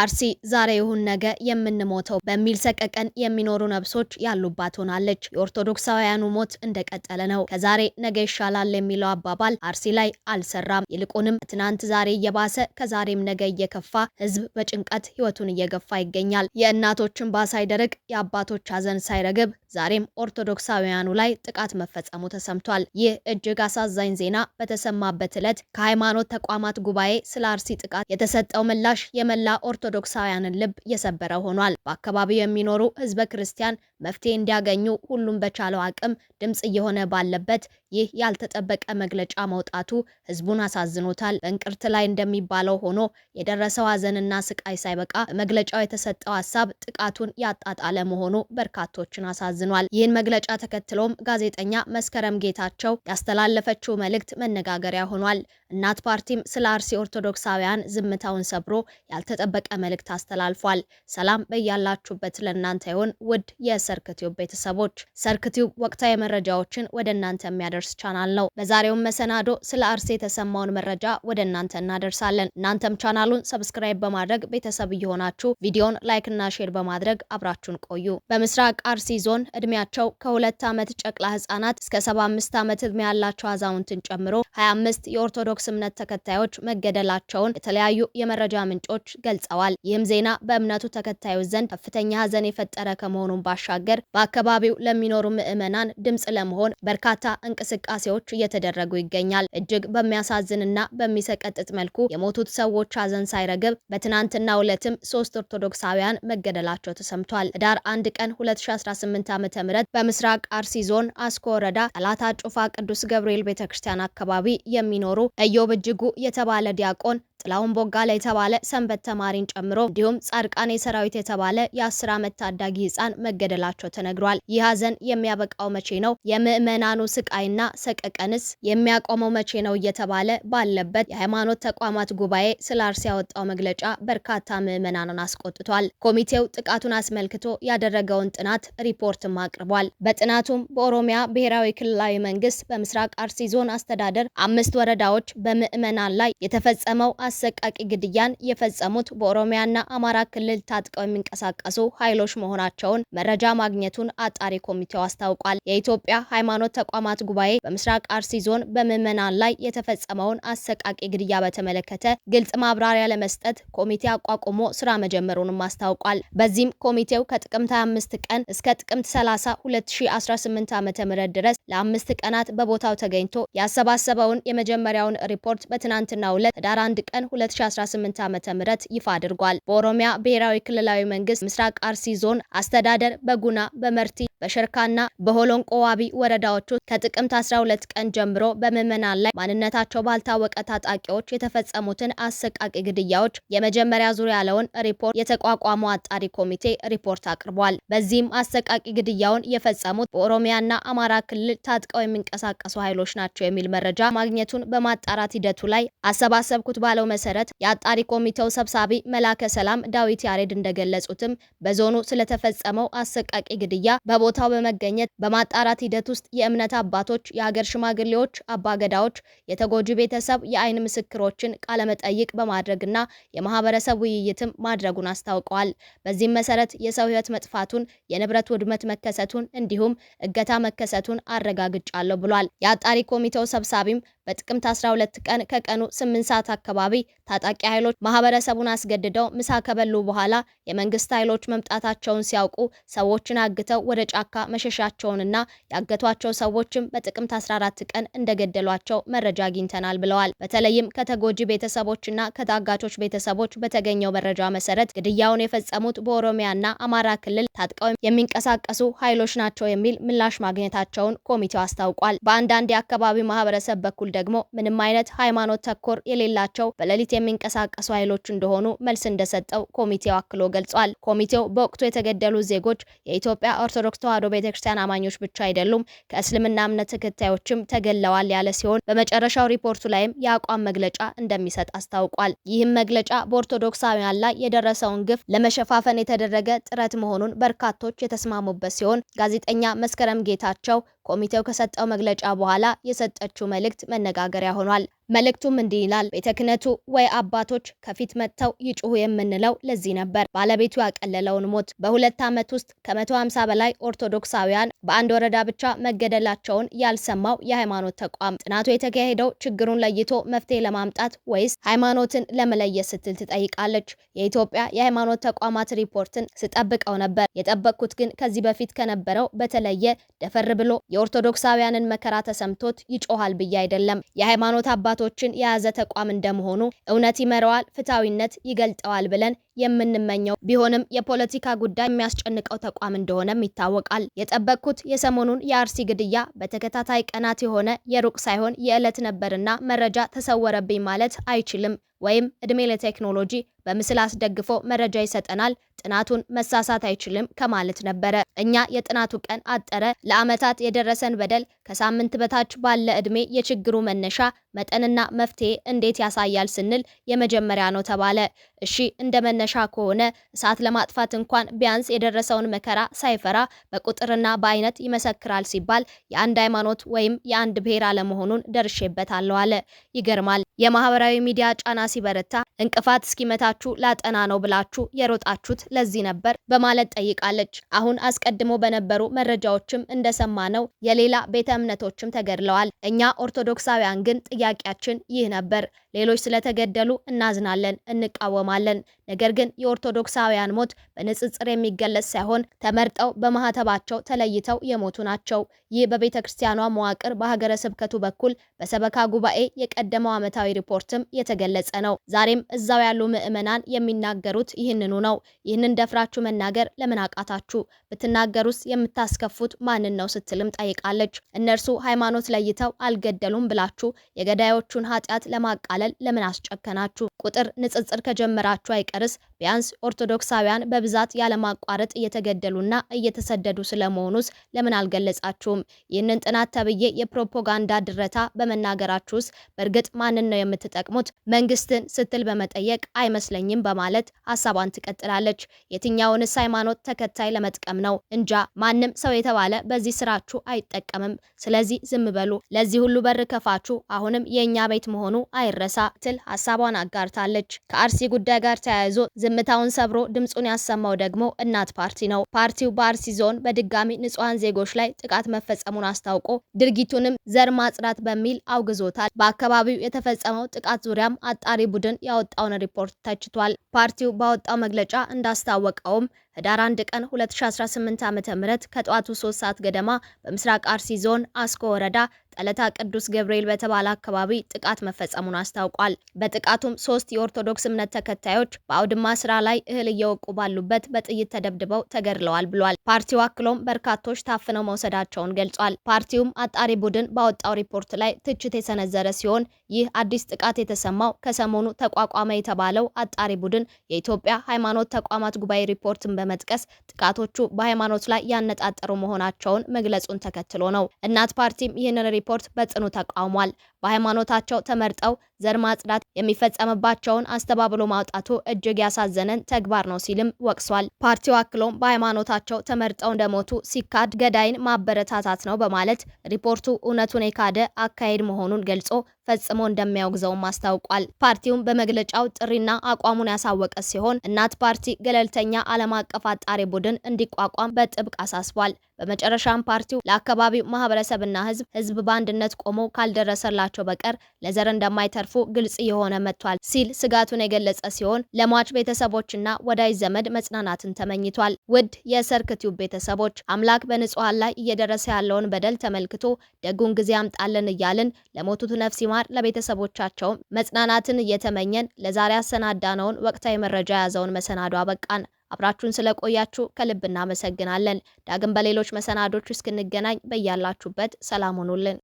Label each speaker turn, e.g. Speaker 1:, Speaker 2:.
Speaker 1: አርሲ ዛሬ ይሁን ነገ የምንሞተው በሚል ሰቀቀን የሚኖሩ ነብሶች ያሉባት ሆናለች። የኦርቶዶክሳውያኑ ሞት እንደቀጠለ ነው። ከዛሬ ነገ ይሻላል የሚለው አባባል አርሲ ላይ አልሰራም። ይልቁንም ትናንት ዛሬ እየባሰ ከዛሬም ነገ እየከፋ ህዝብ በጭንቀት ህይወቱን እየገፋ ይገኛል። የእናቶችን እንባ ሳይደርቅ የአባቶች ሀዘን ሳይረግብ ዛሬም ኦርቶዶክሳውያኑ ላይ ጥቃት መፈጸሙ ተሰምቷል። ይህ እጅግ አሳዛኝ ዜና በተሰማበት ዕለት ከሃይማኖት ተቋማት ጉባኤ ስለ አርሲ ጥቃት የተሰጠው ምላሽ የመላ የኦርቶዶክሳውያንን ልብ የሰበረ ሆኗል። በአካባቢው የሚኖሩ ህዝበ ክርስቲያን መፍትሄ እንዲያገኙ ሁሉም በቻለው አቅም ድምፅ እየሆነ ባለበት ይህ ያልተጠበቀ መግለጫ መውጣቱ ህዝቡን አሳዝኖታል። በእንቅርት ላይ እንደሚባለው ሆኖ የደረሰው ሀዘንና ስቃይ ሳይበቃ በመግለጫው የተሰጠው ሀሳብ ጥቃቱን ያጣጣለ መሆኑ በርካቶችን አሳዝኗል። ይህን መግለጫ ተከትሎም ጋዜጠኛ መስከረም ጌታቸው ያስተላለፈችው መልእክት መነጋገሪያ ሆኗል። እናት ፓርቲም ስለ አርሲ ኦርቶዶክሳውያን ዝምታውን ሰብሮ ያልተጠበቀ መልእክት አስተላልፏል። ሰላም በያላችሁበት ለእናንተ ይሆን ውድ የሰ ሰርክቲዩብ ቤተሰቦች ሰርክቲዩብ ወቅታዊ መረጃዎችን ወደ እናንተ የሚያደርስ ቻናል ነው። በዛሬውም መሰናዶ ስለ አርሴ የተሰማውን መረጃ ወደ እናንተ እናደርሳለን። እናንተም ቻናሉን ሰብስክራይብ በማድረግ ቤተሰብ እየሆናችሁ ቪዲዮን ላይክና ሼር በማድረግ አብራችሁን ቆዩ። በምስራቅ አርሲ ዞን እድሜያቸው ከሁለት ዓመት ጨቅላ ህጻናት እስከ ሰባ አምስት ዓመት እድሜ ያላቸው አዛውንትን ጨምሮ ሀያ አምስት የኦርቶዶክስ እምነት ተከታዮች መገደላቸውን የተለያዩ የመረጃ ምንጮች ገልጸዋል። ይህም ዜና በእምነቱ ተከታዮች ዘንድ ከፍተኛ ሀዘን የፈጠረ ከመሆኑን ባሻገር ባሻገር በአካባቢው ለሚኖሩ ምዕመናን ድምፅ ለመሆን በርካታ እንቅስቃሴዎች እየተደረጉ ይገኛል። እጅግ በሚያሳዝንና በሚሰቀጥጥ መልኩ የሞቱት ሰዎች ሀዘን ሳይረግብ በትናንትናው ዕለትም ሶስት ኦርቶዶክሳውያን መገደላቸው ተሰምቷል። ኅዳር አንድ ቀን 2018 ዓ.ም በምስራቅ አርሲ ዞን አስኮ ወረዳ ጠላታ ጩፋ ቅዱስ ገብርኤል ቤተክርስቲያን አካባቢ የሚኖሩ እዮብ እጅጉ የተባለ ዲያቆን ጥላውን ቦጋለ የተባለ ሰንበት ተማሪን ጨምሮ እንዲሁም ጻድቃኔ ሰራዊት የተባለ የአስር ዓመት ታዳጊ ህፃን መገደላቸው ተነግሯል። ይህ ሀዘን የሚያበቃው መቼ ነው? የምዕመናኑ ስቃይና ሰቀቀንስ የሚያቆመው መቼ ነው? እየተባለ ባለበት የሃይማኖት ተቋማት ጉባኤ ስለ አርሲ ያወጣው መግለጫ በርካታ ምዕመናኑን አስቆጥቷል። ኮሚቴው ጥቃቱን አስመልክቶ ያደረገውን ጥናት ሪፖርትም አቅርቧል። በጥናቱም በኦሮሚያ ብሔራዊ ክልላዊ መንግስት በምስራቅ አርሲ ዞን አስተዳደር አምስት ወረዳዎች በምዕመናን ላይ የተፈጸመው አሰቃቂ ግድያን የፈጸሙት በኦሮሚያና አማራ ክልል ታጥቀው የሚንቀሳቀሱ ኃይሎች መሆናቸውን መረጃ ማግኘቱን አጣሪ ኮሚቴው አስታውቋል። የኢትዮጵያ ሃይማኖት ተቋማት ጉባኤ በምስራቅ አርሲ ዞን በምዕመናን ላይ የተፈጸመውን አሰቃቂ ግድያ በተመለከተ ግልጽ ማብራሪያ ለመስጠት ኮሚቴ አቋቁሞ ስራ መጀመሩንም አስታውቋል። በዚህም ኮሚቴው ከጥቅምት 25 ቀን እስከ ጥቅምት 30 2018 ዓ.ም ድረስ ለአምስት ቀናት በቦታው ተገኝቶ ያሰባሰበውን የመጀመሪያውን ሪፖርት በትናንትናው ዕለት ህዳር 1 ቀን ቀን 2018 ዓ.ም ይፋ አድርጓል። በኦሮሚያ ብሔራዊ ክልላዊ መንግስት ምስራቅ አርሲ ዞን አስተዳደር በጉና በመርቲ በሸርካና በሆሎንቆ ዋቢ ወረዳዎች ውስጥ ከጥቅምት 12 ቀን ጀምሮ በምዕመናን ላይ ማንነታቸው ባልታወቀ ታጣቂዎች የተፈጸሙትን አሰቃቂ ግድያዎች የመጀመሪያ ዙር ያለውን ሪፖርት የተቋቋመው አጣሪ ኮሚቴ ሪፖርት አቅርቧል። በዚህም አሰቃቂ ግድያውን የፈጸሙት በኦሮሚያና አማራ ክልል ታጥቀው የሚንቀሳቀሱ ኃይሎች ናቸው የሚል መረጃ ማግኘቱን በማጣራት ሂደቱ ላይ አሰባሰብኩት ባለው ባለው መሰረት የአጣሪ ኮሚቴው ሰብሳቢ መላከ ሰላም ዳዊት ያሬድ እንደገለጹትም በዞኑ ስለተፈጸመው አሰቃቂ ግድያ በቦታው በመገኘት በማጣራት ሂደት ውስጥ የእምነት አባቶች፣ የሀገር ሽማግሌዎች፣ አባገዳዎች፣ የተጎጂ ቤተሰብ፣ የአይን ምስክሮችን ቃለመጠይቅ በማድረግና የማህበረሰብ ውይይትም ማድረጉን አስታውቀዋል። በዚህም መሰረት የሰው ህይወት መጥፋቱን፣ የንብረት ውድመት መከሰቱን እንዲሁም እገታ መከሰቱን አረጋግጫለሁ ብሏል። የአጣሪ ኮሚቴው ሰብሳቢም በጥቅምት 12 ቀን ከቀኑ 8 ሰዓት አካባቢ ታጣቂ ኃይሎች ማህበረሰቡን አስገድደው ምሳ ከበሉ በኋላ የመንግስት ኃይሎች መምጣታቸውን ሲያውቁ ሰዎችን አግተው ወደ ጫካ መሸሻቸውንና ያገቷቸው ሰዎችም በጥቅምት 14 ቀን እንደገደሏቸው መረጃ አግኝተናል ብለዋል። በተለይም ከተጎጂ ቤተሰቦችና ከታጋቾች ቤተሰቦች በተገኘው መረጃ መሰረት ግድያውን የፈጸሙት በኦሮሚያና አማራ ክልል ታጥቀው የሚንቀሳቀሱ ኃይሎች ናቸው የሚል ምላሽ ማግኘታቸውን ኮሚቴው አስታውቋል። በአንዳንድ የአካባቢው ማህበረሰብ በኩል ደግሞ ምንም አይነት ሃይማኖት ተኮር የሌላቸው በሌሊት የሚንቀሳቀሱ ኃይሎች እንደሆኑ መልስ እንደሰጠው ኮሚቴው አክሎ ገልጿል። ኮሚቴው በወቅቱ የተገደሉ ዜጎች የኢትዮጵያ ኦርቶዶክስ ተዋሕዶ ቤተክርስቲያን አማኞች ብቻ አይደሉም፣ ከእስልምና እምነት ተከታዮችም ተገለዋል ያለ ሲሆን በመጨረሻው ሪፖርቱ ላይም የአቋም መግለጫ እንደሚሰጥ አስታውቋል። ይህም መግለጫ በኦርቶዶክሳውያን ላይ የደረሰውን ግፍ ለመሸፋፈን የተደረገ ጥረት መሆኑን በርካቶች የተስማሙበት ሲሆን ጋዜጠኛ መስከረም ጌታቸው ኮሚቴው ከሰጠው መግለጫ በኋላ የሰጠችው መልእክት መነጋገሪያ ሆኗል። መልእክቱም እንዲህ ይላል። ቤተ ክህነቱ ወይ አባቶች ከፊት መጥተው ይጩሁ የምንለው ለዚህ ነበር። ባለቤቱ ያቀለለውን ሞት በሁለት ዓመት ውስጥ ከ150 በላይ ኦርቶዶክሳውያን በአንድ ወረዳ ብቻ መገደላቸውን ያልሰማው የሃይማኖት ተቋም ጥናቱ የተካሄደው ችግሩን ለይቶ መፍትሄ ለማምጣት ወይስ ሃይማኖትን ለመለየት ስትል ትጠይቃለች። የኢትዮጵያ የሃይማኖት ተቋማት ሪፖርትን ስጠብቀው ነበር። የጠበቅኩት ግን ከዚህ በፊት ከነበረው በተለየ ደፈር ብሎ የኦርቶዶክሳውያንን መከራ ተሰምቶት ይጮሃል ብዬ አይደለም የሃይማኖት አባቶ መብቶችን የያዘ ተቋም እንደመሆኑ እውነት ይመራዋል፣ ፍትሐዊነት ይገልጠዋል ብለን የምንመኘው ቢሆንም የፖለቲካ ጉዳይ የሚያስጨንቀው ተቋም እንደሆነም ይታወቃል። የጠበቅኩት የሰሞኑን የአርሲ ግድያ በተከታታይ ቀናት የሆነ የሩቅ ሳይሆን የዕለት ነበርና መረጃ ተሰወረብኝ ማለት አይችልም። ወይም እድሜ ለቴክኖሎጂ በምስል አስደግፎ መረጃ ይሰጠናል፣ ጥናቱን መሳሳት አይችልም ከማለት ነበረ። እኛ የጥናቱ ቀን አጠረ፣ ለአመታት የደረሰን በደል ከሳምንት በታች ባለ እድሜ የችግሩ መነሻ መጠንና መፍትሄ እንዴት ያሳያል ስንል የመጀመሪያ ነው ተባለ። እሺ እንደመነ መነሻ ከሆነ እሳት ለማጥፋት እንኳን ቢያንስ የደረሰውን መከራ ሳይፈራ በቁጥርና በአይነት ይመሰክራል ሲባል የአንድ ሃይማኖት ወይም የአንድ ብሔር አለመሆኑን ደርሼበታለሁ አለ። ይገርማል። የማህበራዊ ሚዲያ ጫና ሲበረታ እንቅፋት እስኪመታችሁ ላጠና ነው ብላችሁ የሮጣችሁት ለዚህ ነበር በማለት ጠይቃለች። አሁን አስቀድሞ በነበሩ መረጃዎችም እንደሰማነው የሌላ ቤተ እምነቶችም ተገድለዋል። እኛ ኦርቶዶክሳውያን ግን ጥያቄያችን ይህ ነበር። ሌሎች ስለተገደሉ እናዝናለን፣ እንቃወማለን። ነገር ግን የኦርቶዶክሳውያን ሞት በንጽጽር የሚገለጽ ሳይሆን ተመርጠው በማህተባቸው ተለይተው የሞቱ ናቸው። ይህ በቤተ ክርስቲያኗ መዋቅር በሀገረ ስብከቱ በኩል በሰበካ ጉባኤ የቀደመው ዓመታዊ ሪፖርትም የተገለጸ ነው። ዛሬም እዛው ያሉ ምዕመናን የሚናገሩት ይህንኑ ነው። ይህንን ደፍራችሁ መናገር ለምን አቃታችሁ? ብትናገሩስ የምታስከፉት ማንን ነው ስትልም ጠይቃለች። እነርሱ ሃይማኖት ለይተው አልገደሉም ብላችሁ የገዳዮቹን ኃጢአት ለማቃለ በማቃለል ለምን አስጨከናችሁ? ቁጥር ንጽጽር ከጀመራችሁ አይቀርስ ቢያንስ ኦርቶዶክሳውያን በብዛት ያለማቋረጥ እየተገደሉና እየተሰደዱ ስለመሆኑስ ለምን አልገለጻችሁም? ይህንን ጥናት ተብዬ የፕሮፓጋንዳ ድረታ በመናገራችሁስ በእርግጥ ማንን ነው የምትጠቅሙት? መንግስትን ስትል በመጠየቅ አይመስለኝም በማለት ሀሳቧን ትቀጥላለች። የትኛውንስ ሃይማኖት ተከታይ ለመጥቀም ነው? እንጃ ማንም ሰው የተባለ በዚህ ስራችሁ አይጠቀምም። ስለዚህ ዝም በሉ። ለዚህ ሁሉ በር ከፋችሁ አሁንም የእኛ ቤት መሆኑ አይረሳ። አናሳ ትል ሀሳቧን አጋርታለች። ከአርሲ ጉዳይ ጋር ተያይዞ ዝምታውን ሰብሮ ድምፁን ያሰማው ደግሞ እናት ፓርቲ ነው። ፓርቲው በአርሲ ዞን በድጋሚ ንጹሐን ዜጎች ላይ ጥቃት መፈጸሙን አስታውቆ ድርጊቱንም ዘር ማጽዳት በሚል አውግዞታል። በአካባቢው የተፈጸመው ጥቃት ዙሪያም አጣሪ ቡድን ያወጣውን ሪፖርት ተችቷል። ፓርቲው ባወጣው መግለጫ እንዳስታወቀውም ህዳር 1 ቀን 2018 ዓ.ም ከጠዋቱ 3 ሰዓት ገደማ በምስራቅ አርሲ ዞን አስኮ ወረዳ ጠለታ ቅዱስ ገብርኤል በተባለ አካባቢ ጥቃት መፈጸሙን አስታውቋል። በጥቃቱም ሶስት የኦርቶዶክስ እምነት ተከታዮች በአውድማ ስራ ላይ እህል እየወቁ ባሉበት በጥይት ተደብድበው ተገድለዋል ብሏል። ፓርቲው አክሎም በርካቶች ታፍነው መውሰዳቸውን ገልጿል። ፓርቲውም አጣሪ ቡድን ባወጣው ሪፖርት ላይ ትችት የሰነዘረ ሲሆን ይህ አዲስ ጥቃት የተሰማው ከሰሞኑ ተቋቋመ የተባለው አጣሪ ቡድን የኢትዮጵያ ሃይማኖት ተቋማት ጉባኤ ሪፖርትን በመጥቀስ ጥቃቶቹ በሃይማኖት ላይ ያነጣጠሩ መሆናቸውን መግለጹን ተከትሎ ነው። እናት ፓርቲም ይህንን ሪፖርት በጽኑ ተቃውሟል። በሃይማኖታቸው ተመርጠው ዘር ማጽዳት የሚፈጸምባቸውን አስተባብሎ ማውጣቱ እጅግ ያሳዘነን ተግባር ነው ሲልም ወቅሷል። ፓርቲው አክሎም በሃይማኖታቸው ተመርጠው እንደሞቱ ሲካድ ገዳይን ማበረታታት ነው በማለት ሪፖርቱ እውነቱን የካደ አካሄድ መሆኑን ገልጾ ፈጽሞ እንደሚያወግዘውም አስታውቋል። ፓርቲውም በመግለጫው ጥሪና አቋሙን ያሳወቀ ሲሆን እናት ፓርቲ ገለልተኛ ዓለም አቀፍ አጣሪ ቡድን እንዲቋቋም በጥብቅ አሳስቧል። በመጨረሻም ፓርቲው ለአካባቢው ማህበረሰብና ህዝብ ህዝብ በአንድነት ቆሞ ካልደረሰላቸው ከመሆናቸው በቀር ለዘር እንደማይተርፉ ግልጽ የሆነ መጥቷል ሲል ስጋቱን የገለጸ ሲሆን ለሟች ቤተሰቦችና ወዳጅ ዘመድ መጽናናትን ተመኝቷል። ውድ የሰርክ ቲዩብ ቤተሰቦች አምላክ በንጹሐን ላይ እየደረሰ ያለውን በደል ተመልክቶ ደጉን ጊዜ አምጣልን እያልን ለሞቱት ነፍስ ይማር ለቤተሰቦቻቸውም መጽናናትን እየተመኘን ለዛሬ አሰናዳነውን ወቅታዊ መረጃ የያዘውን መሰናዶ አበቃን። አብራችሁን ስለቆያችሁ ከልብ እናመሰግናለን። ዳግም በሌሎች መሰናዶች እስክንገናኝ በያላችሁበት ሰላም ሁኑልን።